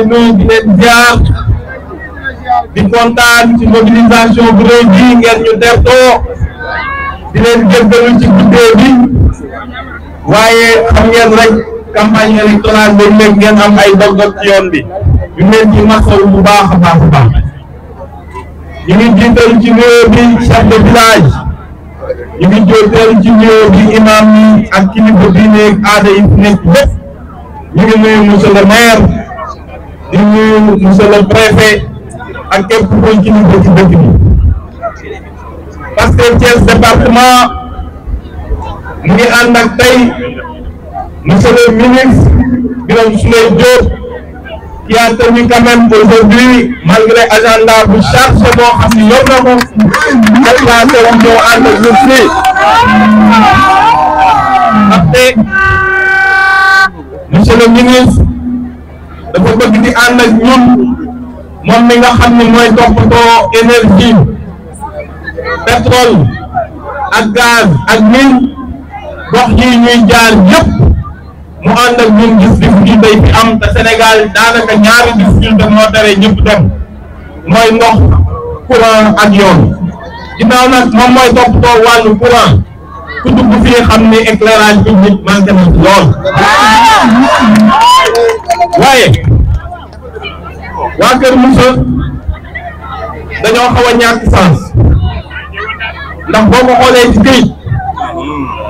di nuyu di leen kontaan ci mobilisation bu rëy ngeen ñu defoo di leen jéggalu ci guddee waaye xam ngeen rek campagne électorale bi léegi ngeen am ay dog-dog ci yoon bi ñu leen ci masawu bu baax a baax a ñu ngi jiital ci nuyoo bi chef de village ñu ngi jiital ci nuyoo bi imam ak kilifa diine ak ñu ngi nuyu monsieur di nuyu monsieur le préfet ak képp ku koy ci dëkk dëkk bi parce que Thiès département mu ngi ànd ak tey monsieur le ministre Birame Souleye Diop qui a tenu quand aujourd'hui malgré agenda bu chargé boo xam ne yor na ko délégation ñoo ànd ak ñun fii ndaxte ministre dafa bëgg di ànd ak ñun moom mi nga xam ne mooy toppatoo énergie pétrole ak gaz ak mil gox yi ñuy jaar yëpp mu ànd ak ñun gis difficulté yi fi am te Sénégal daanaka ñaari difficulté moo tere ñëpp dem mooy ndox courant ak yoon ginnaaw moom mooy toppatoo wàllu courant ku dugg fii xam ne éclairage public manqué na lool waaye waa Kër Moussa dañoo xaw a ñàkk sens ndax boo ko xoolee këy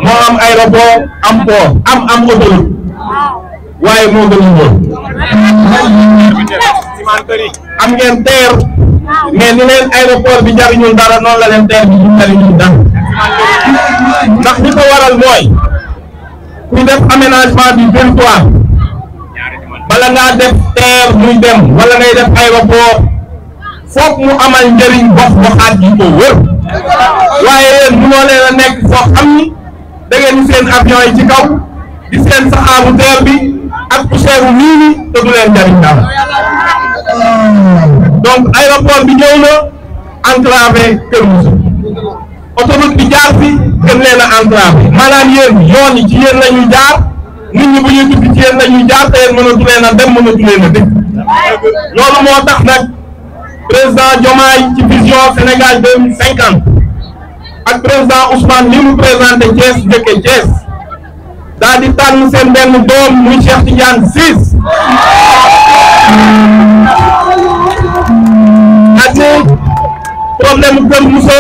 moo am aéroport am port am am autoroute waaye moo gën a wóor am ngeen teer mais ni leen aéroport bi jariñul dara noonu la leen teer bi jariñul dara ndax li ko waral mooy ku def aménagement du territoire bala ngaa def teer muy dem wala ngay def ay rapport foog mu amal njëriñ gox goxaat yi ko wër waaye yéen munoo leen nekk foo xam ni da ngeen seen avion yi ci kaw di seen saxaabu teer bi ak poussière bu nii te du leen njëriñ daal donc aéroport bi ñëw na enclavé Kër Moussa autoroute bi jaar fi gën leen a enclavé maanaam yéen yoon yi ci yéen la jaar. nit ñi bu ñuy ci yéen dañuy jaar te a dem mënatu leen a dégg loolu moo tax nag président Diomaye ci vision Sénégal deux mille cinquante ak président Ousmane li mu présenté Thiès jëkke Thiès daal di tànn seen benn doom muy Cheikh Tidiane Ciss ate problème Kër Moussa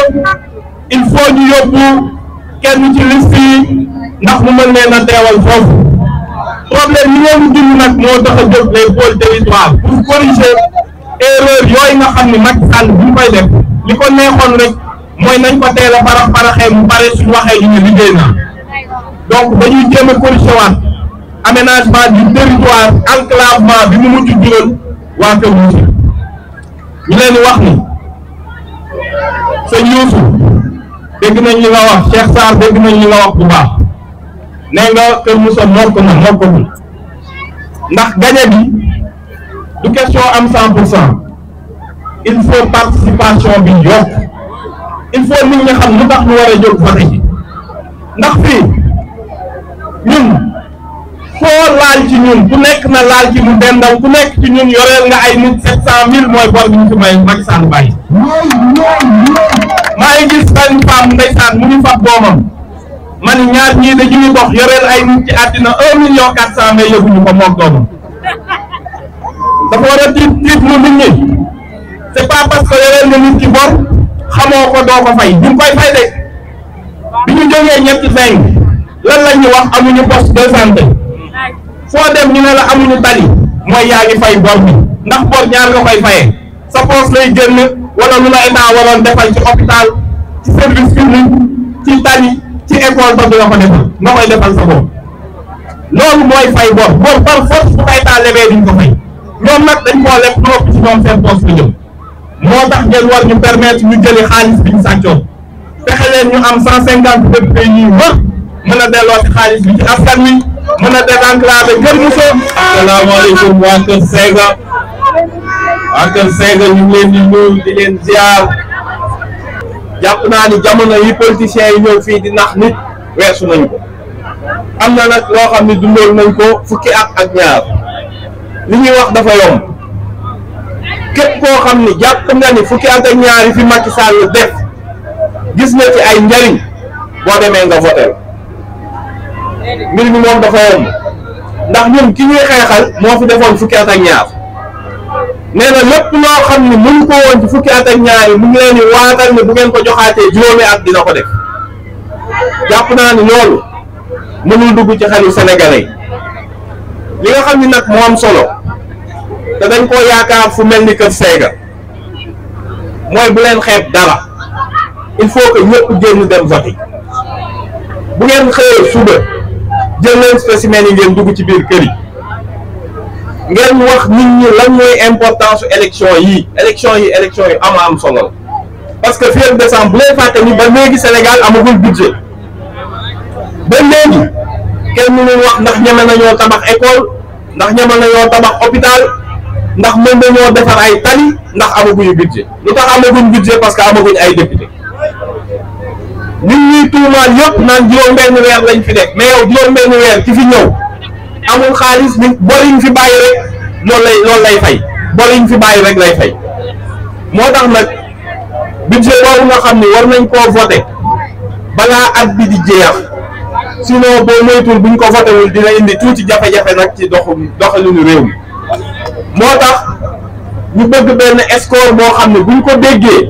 il faut ñu yóbbu kenn ci liste yi ndax mu mën leen a teewal foofu problème yi ngeen dund nag moo tax a jóg les pôles territoriaux pour corriger erreur yooyu nga xam ni Macky Sall bu ñu koy def li ko neexoon rek mooy nañ ko teel a parax mu pare suñu waxee ñu liggéey naa donc dañuy jéem a corriger waat aménagement du territoire enclavement bi mu mujj jural waa Kër Moussa ñu leen wax ni sëñ Youssou dégg nañ li nga wax Cheikh Sarr dégg nañ li wax bu nee nga Kër Moussa mor ko na mor ko ndax gagné bi du question am cent pour cent il faut participation bi yokk il faut nit ñi xam lu tax ñu war a jóg vote ji ndax fii ñun foo laal ci ñun ku nekk na laal ci mu dendaw ku nekk ci ñun yoreel nga ay nit sept cent mille mooy bor bi ñu ci may Macky Sall bàyyi maa ngi gis benn femme ndeysaan mu ngi fab doomam man ñaar ñii dañuy dox yoreel ay nit ci àddina un million quatre cent mais yëguñu ko moom doom dafa war a tiit tiit lu nit ñi c'est pas parce que yoreel nga nit ci bor xamoo ko doo ko fay ñu koy fay de bi ñu jógee ñetti fay lan la ñu wax amuñu poste de santé foo dem ñu ne la amuñu tali mooy yaa ngi fay bor bi ndax bor ñaar nga koy fayee sa poste lay génn wala lu la état waroon defal ci hôpital ci service public ci tali. ci école ba du la ko defal nga koy defal sa bopp loolu mooy fay bor bor par force bu kay taa lebee duñ ko fay ñoom nag dañ koo leb trop ci ñoom seen poste la jëm moo tax ngeen war ñu permettre ñu jëli xaalis bi ñu sàccoon fexe leen ñu am cent cinquante députés yi wër mën a delloo ci xaalis bi ci askan wi mën a désenclaver Kër Moussa. asalaamaaleykum waa Kër Sega waa Kër Sega ñu leen di nuyu di leen ziar. jàpp naa ni jamono yi politiciens yi ñëw fii di nax nit weesu nañ ko am na nag loo xam ne dundoon nañ ko fukki at ak ñaar li ñuy wax dafa yomb képp koo xam ne jàpp nga ni fukki at ak ñaar yi fi Macky Sall def gis na ci ay njariñ boo demee nga voté mbir mi moom dafa yomb ndax ñun ki ñuy xeexal moo fi defoon fukki at ak ñaar. nee na lépp loo xam ne mënu ko woon ci fukki at ak ñaar yi mu ngi waatal ne bu ngeen ko joxaatee juróomi ak dina ko def jàpp naa ni loolu mënul dugg ci xelu sénégalais li nga xam ni nag moo solo te dañ koo yaakaar fu mel ni Kër sega mooy bu leen xeeb dara il faut que ñëpp génn dem voter bu ngeen xëyee suba jël leen spécimen yi ngeen dugg ci biir kër yi. ngeen wax nit ñi lan mooy importance élection yi élection yi élection yi ama am solo la parce que fii ak décembre bu lay fàtte ni ba léegi Sénégal amagul budget ba léegi kenn mënul wax ndax ñeme nañoo tabax école ndax na nañoo tabax hôpital ndax mën nañoo defar ay tali ndax amaguñu budget lu tax amaguñ budget parce que amaguñ ay député nit ñuy tuumaal yëpp naan juróom benn weer lañ fi nekk mais yow juróom benn weer ki fi ñëw amul xaalis ni bor yi ñu fi bàyyi rek loolu lay loolu lay fay bor yi fi bàyyi rek lay fay moo tax nag budget boobu nga xam ne war nañ koo voté balaa ak bi di jeex sinon boo moytuwul buñ ko voté dina indi tuuti jafe-jafe nag ci doxu doxalinu réew mi moo tax ñu bëgg benn score boo xam ne buñ ko déggee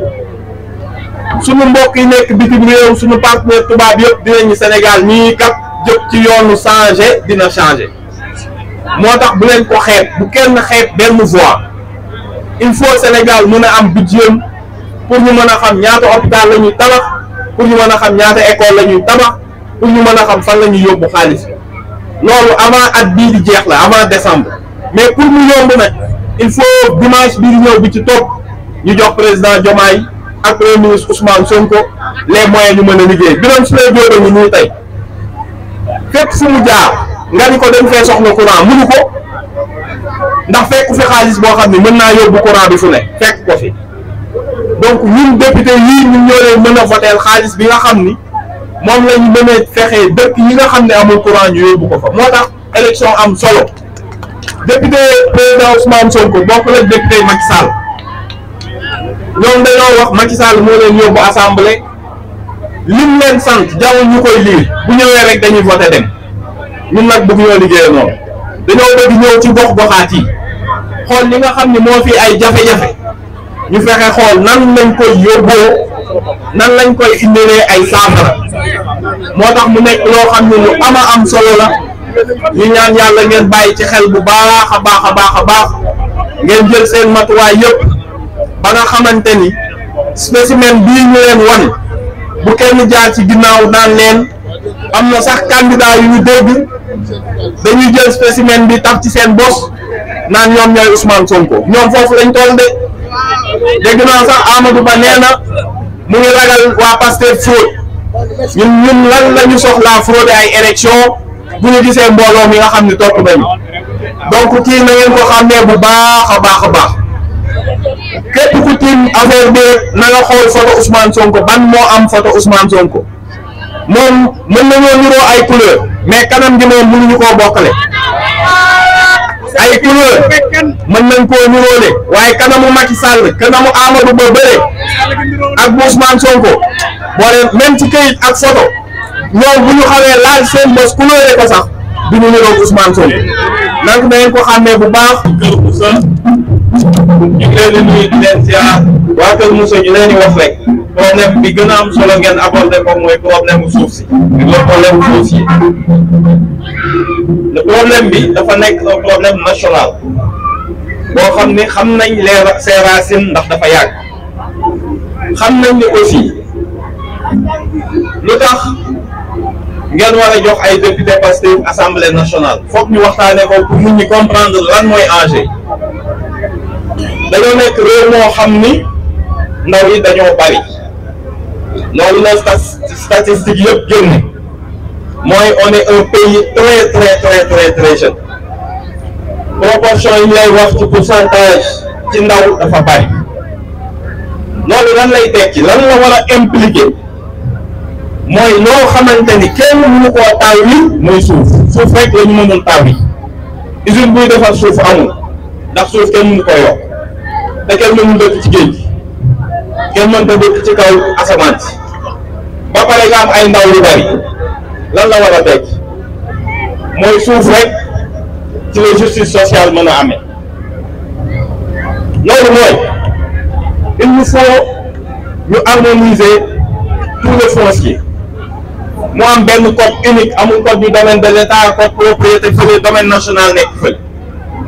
suñu mbokk yi nekk bitim réew suñu partenaire tubaab yëpp dinañu Sénégal ñii kat jëpp ci yoonu changé dina changé moo tax bu leen ko xeeb bu kenn xeeb benn voix il faut Sénégal mën a am budget pour ñu mën a xam ñaata hôpital la ñuy tabax pour ñu mën a xam ñaata école la ñuy tabax pour mën a xam fan la ñuy yóbbu xaalis loolu avant at bii di jeex la avant décembre mais pour mu yomb nag il faut dimanche bii di ñëw bi ci topp ñu jox président Diomaye ak premier ministre Ousmane Sonko les moyen ñu mën a liggéey bi doon su lay jóoba ñu ñuy tey fépp fu jaar nga ni ko dem fee soxla courant mënu ko ndax fekk fi xaalis boo xam ne mën naa yóbbu courant bi fu ne fekk ko fi donc ñun député yii ñun ñoo leen mën a voteel xaalis bi nga xam ni moom lañ mënee fexe dëkk yi nga xam ne amul courant ñu yóbbu ko fa moo tax élection am solo député président ko Sonko ko la député Macky Sall ñoom dañoo wax Macky Sall moo leen yóbbu assemblée lim leen sant jaww ñu koy liir bu ñëwee rek dañuy voté dem ñun nag bëgg ñoo liggéeyee noonu dañoo bëgg ñëw ci gox goxaat yi xool li nga xam ni moo fi ay jafe-jafe ñu fexe xool nan lañ koy yóbboo nan lañ koy indilee ay saafara moo tax mu nekk loo xam ne lu am am solo la ñu ñaan yàlla ngeen bàyyi ci xel bu baax a baax a baax a baax ngeen jël seen matuwaay yëpp ba nga xamante ni spécimen bii ñu leen wan bu kenn jaar ci ginnaaw daan leen am na sax candidat yu ñu dégg dañuy jël spécimen bi taf ci seen bos naan ñoom ñooy Ousmane Sonko ñoom foofu lañ toll de dégg naa sax Amadou Ba nee na mu ngi ragal waa Pastef fraude ñun ñun lan la ñu ay élection bu ñu gisee mbooloo mi nga xam ne topp nañu donc kii na ngeen ko xàmmee bu baax a baax a baax képp ku tiim affaire na nga xool photo Ousmane Sonko ban moo am photo Ousmane Sonko. moom mën na nañoo niroo ay couleur mais kanam gi moom mënuñu koo bokkale ay couleur mën nañ koo niroole waaye kanamu Macky Sall kanamu Amadou Ba bëre ak Ousmane Sonko boo leen même ci këyit ak soto ñoom bu ñu xawee laal seen bos couleur ko sax du ñu niroo Ousmane Sonko donc na ngeen ko xàmmee bu baax. Kër Moussa ñu leen ñu wax rek. problème bi gën a am solo ngeen abordé ko mooy problème mu suuf si mooy problème mu bi dafa nekk un problème national boo xam ni xam nañ les ses ndax dafa yàgg xam nañ ni aussi lu tax ngeen war jox ay député Pastef assemblée nationale foog ñu waxtaanee ko pour nit ñi comprendre lan mooy enjeu dañoo nekk réew moo xam ni ndaw yi dañoo bari loolu la statistique yëpp génn mooy on est un pays très très très très très jeune proportion yi ñu lay wax ci pourcentage ci ndaw dafa bari loolu lan lay tekki lan la war a impliquer mooy loo xamante ni kenn mënu koo taw yi muy suuf suuf rek la ñu mënul taw yi usine buy defar suuf amul ndax suuf kenn mënu ko yokk te kenn mënul dëkk ci géej kenn mënta dëkk ci kaw asamaan si ba pare nga am ay ndaw lu bari lan la war a teg mooy suuf rek ci la justice sociale mën a amee loolu mooy il faut ñu harmoniser tout le foncier am benn code unique amul code du domaine de l'État code propriété fële domaine national nekk fële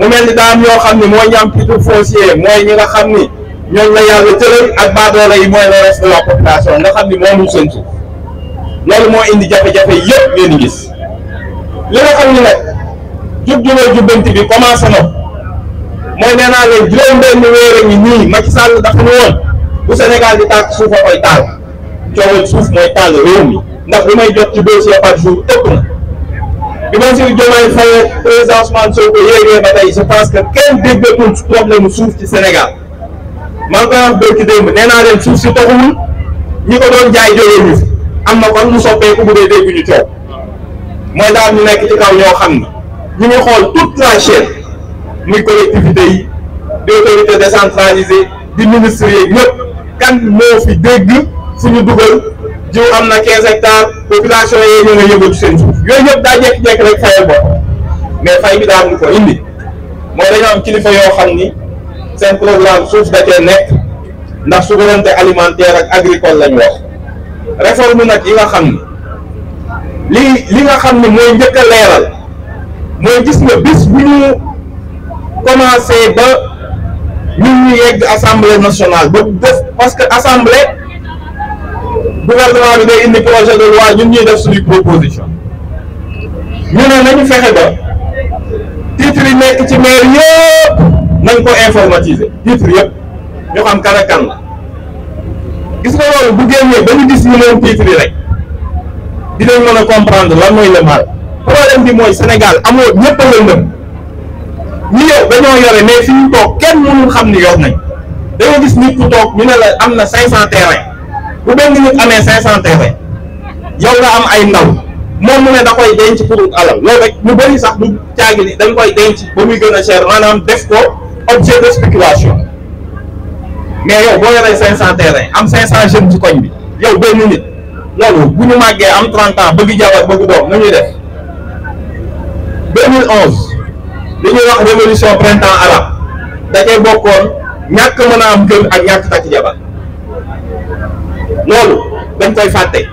mu mel ni daa yoo xam ni moo ñam titre foncier mooy ñi nga xam ni ñoom la yàlla tëral ak baadoolo yi mooy le reste de la population nga xam ni moomuñ seen suuf loolu moo indi jafe-jafe yëpp ngeen gis li nga xam ni nag jub bi commencé na mooy naa leen juróom-benn weer ñi nii Macky Sall dafa nu woon bu Sénégal di tàkk suuf a koy taal coowal suuf mooy taal réew mi ndax li may jot ci dossier par jour ëpp na bi ma si Diomaye Faye président Ousmane Sonko yéegee ba tey je pense que kenn déggatul problème suuf ci Sénégal man koy wax bërki démb nee naa leen suuf si taxawul ñi ko doon jaay jógee ñu am na kon mu soppeeku bu dee dégg ñu coow mooy daal ñu nekk ci kaw ñoo xam ne ñu ngi xool toute la chaîne muy collectivité yi di autorité décentralisée di ministre yi ñëpp kan moo fi dégg fu ñu dugal jiw am na quinze hectares population yee ñoo nga yëngatu seen suuf yooyu ñëpp daa jekk-jekk rek fayal bopp mais fay bi daa am ko indi mooy dañoo am kilifa yoo xam ni seen programme suuf da cee nekk ndax souveraineté alimentaire ak agricole lañ wax réforme nag yi nga xam ni li li nga xam ni mooy njëkk leeral mooy gis nga bis bu ñu commencé ba ñun ñu yegg assemblée nationale ba def parce que assemblée gouvernement bi day projet de loi ñu ñuy def suñu proposition ñu ne nañu fexe ba titre nekk ci maire yëpp nañ ko informatiser titre yëpp ñu xam kan ak kan la gis nga loolu bu génnee ba ñu gis ñu leen titre yi rek dinañ mën a comprendre lan mooy lëmbaal problème bi mooy Sénégal amoo ñëpp a lëndëm ñi yow dañoo yore mais fi ñu toog kenn mënul xam ni yor nañ da nga gis nit ku toog ñu ne la am na 500 terrain bu benn nit amee 500 terrain yow nga am ay ndaw moom mu ne da koy denc pour alal loolu rek ñu bëri sax du caagi ni dañ koy denc ba muy gën a cher maanaam def ko. objet de spéculation mais yow boo yoree cinq cent terrain am cinq cent jeunes ci koñ bi yow benn nit loolu bu ñu màggee am trente ans bëgg jabar bëgg doom nu ñuy def deux mille onze li ñuy wax révolution printemps arabe da cay bokkoon ñàkk mën a am kër ak ñàkk takk jabar loolu dañ koy fàtte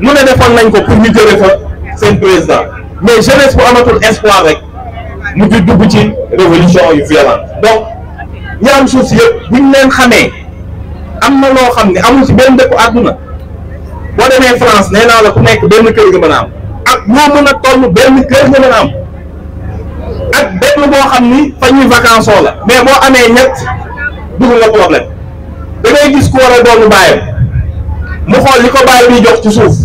mu ne defoon nañ ko pour ñu jële fa seen président mais jeunesse bu amatul espoir rek mu fi dugg ci révolution yu violent donc ñaari suuf si yëpp buñ leen xamee am na loo xam ne amul si benn dëkku àdduna boo demee France nee naa la ku nekk benn kër nga mën a am ak ñoo mën a toll benn kër am ak benn boo xam ni fa ñuy vacance la mais boo amee ñett dugg nga problème da gis ku war a doonu bàyyam mu xool li ko bàyyi bi jox ci suuf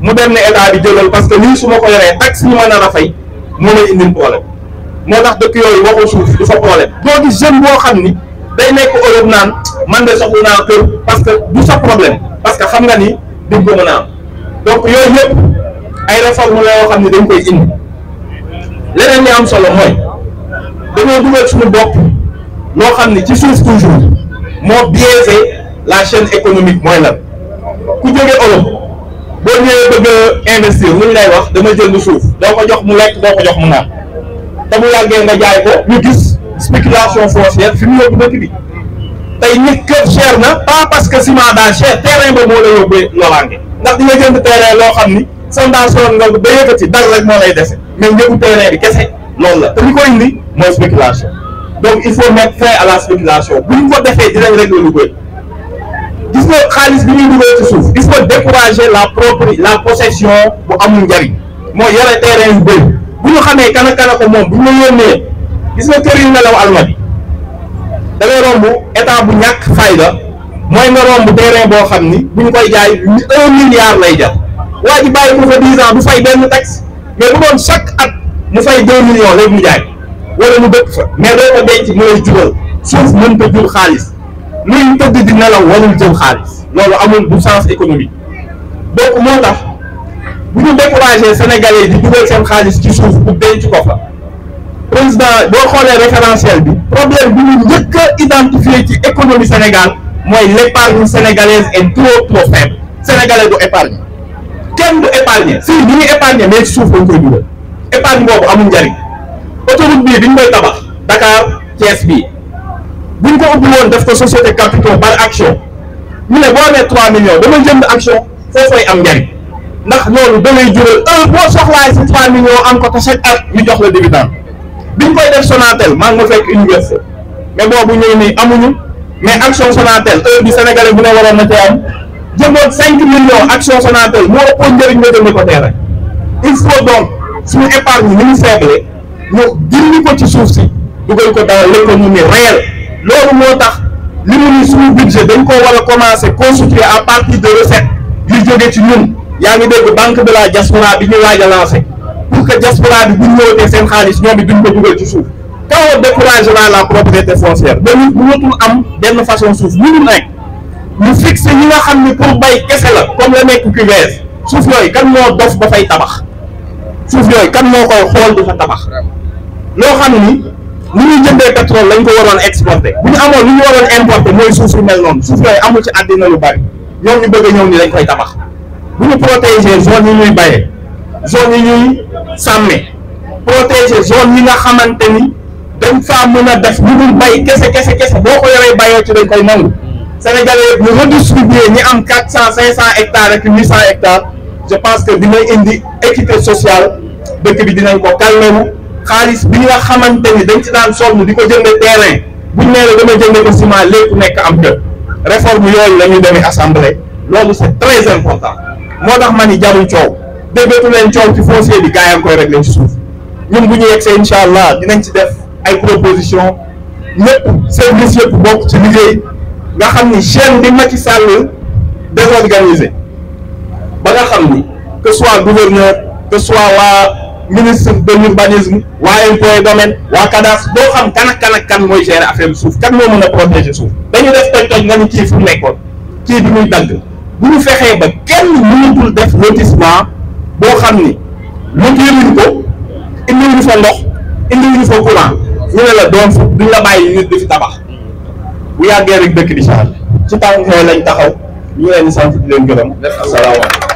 mu dem ne état bi jëlal parce que lii su ma ko yoree tax yi mën a fay moo may indil problème moo tax dëkk yooyu waxoo suuf du fa problème doo gis jeune boo xam ni day nekk Europe naan man de soxla naa kër parce que du sa problème parce que xam nga ni di ko mën a am donc yooyu yëpp ay réforme la yoo xam ne dañ koy indi leneen li am solo mooy dañoo dugal suñu bopp loo xam ne ci suuf toujours moo biaisé la chaîne économique mooy la ku jóge Europe boo ñëwee bëgg a investir lay wax dama jënd suuf doo ko jox mu lekk doo ko jox mu naan te bu yàggee nga jaay ko ñu gis spéculation foncière fi mu yóbbu dëkk bi tey nit cher na pas parce que ciment daa cher terrain ba moo la yóbbee loraange ndax di nga jënd terrain loo xam ni sondation nga ba yëkkati dara rek moo lay dese mais njëgu terrain bi kese loolu la te li ko indi mooy spéculation donc il faut mettre fin à la spéculation bu ñu ko defee dinañ régler lu bëri gis nga xaalis bi ñuy dugal ci suuf il faut décourager la propre la possession bu amul njariñ mooy yore terrain yu bu ñu xamee kana kana ko moom bu ñu la yónnee gis nga kër yu melaw almadi da ngay romb état bu ñàkk fayda mooy nga romb terrain boo xam ni bu ñu koy jaay un milliard lay jar waa ji bàyyi ko fa dix ans du fay benn taxe mais bu doon chaque at mu fay deux millions léegi mu jaay wala mu dëkk fa mais doo ko denc mu lay jural suuf mënta jur xaalis luy tëdd di nelaw warul jël xaalis loolu amul bu sens économique donc moo tax bu ñu découragé sénégalais di dugal seen xaalis ci suuf bu denc ko fa président boo xoolee référentiel bi problème bi ñu njëkk a identifié ci économie Sénégal mooy l' épargne sénégalaise est trop trop faible sénégalais épargne kenn du épargne si bi ñu épargne mais ci suuf lañ koy dugal épargne boobu amul njëriñ autoroute bii bi ñu koy tabax Dakar Thiès bi bu ñu ko ubbi woon def ko société capitaux par action ñu ne boo amee 3 millions dama jënd action foofu am njëriñ. ndax loolu da lay jural heure boo soxlaay si trois millions am ko te chaque at ñu jox la dividende biñ koy def Sonatel maa ngi ma fekk université mais boobu ñëw nii amuñu mais action Sonatel heure bi sénégalais bu ne waroon na ci am jëmoon cinq millions action Sonatel moo ëppoon njëriñ nga jënd ko terrain il faut donc suñu épargne ni ñu faible ñu dindi ko ci suuf si dugal ko dans l'économie réelle loolu moo tax li mu ni su budget dañ ko war a commencer constituer à partir de recettes yu jóge ci ñun yaa ngi dégg banque de la diaspora bi ñu waaj a lancé pour que diaspora bi bu ñu wootee seen xaalis ñoom it duñ ko dugal ci suuf quand on découragera la propriété foncière ba ñun mënatul am benn façon suuf mënul nekk ñu fixé ñi nga xam ne pour bay kese la comme la nekk QVS suuf yooyu kan moo dof ba fay tabax suuf yooyu kan moo koy xool du fa tabax loo xam ni lu ñuy jëndee pétrole lañ ko waroon exporté bu ñu amoon lu ñu waroon importé mooy suuf su mel noonu suuf yooyu amul ci àddina lu bari ñoom ñu bëgg a ñëw ni lañ koy tabax. bu ñu protéger zone yi ñuy bayee zone yi ñuy sàmmee protéger zone yi nga xamante ni dañ faa mun a def lu dul bay kese kese kese boo ko yoree bayoo ci dañ koy nangu Sénégalais yëpp ñu redistribuer ñi am quatre cent cinq cent hectares ak huit cent hectares je pense que dina indi équité sociale dëkk bi dinañ ko kàllalu xaalis bi nga xamante ni dañ ci daan sonn di ko jënde terrain buñ nee la dama jënde ko ciment lépp nekk am kër réforme yooyu la ñuy demee assemblée loolu c'est très important moo tax ma ni jarul coow déggatu leen coow ci foncier bi gaa yi koy réglé si suuf ñun bu ñu yegsee incha allah dinañ ci def ay proposition ñëpp service yëpp bokk ci liggéey nga xam ni chaîne bi Macky Sall désorganisé ba nga xam ni que soit gouverneur que soit waa ministre de l'urbanisme waa impôt domaine waa cadastre doo xam kan ak kan ak mooy gérer affaire suuf kan moo mën a protéger suuf dañu def toj-toj nga ni kii fu nekkoon kii bi muy dagg bu ñu fexee ba kenn mënatul def lotissement boo xam ni lotie wuñ ko indiwuñu fa ndox indiwuñu fa courant ñu ne la doon fu duñ la bàyyi nit di fi tabax bu yàggee rek dëkk di change ci tànk yooyu lañ taxaw ñu leen di sant di leen gërëm asalaamaaleykum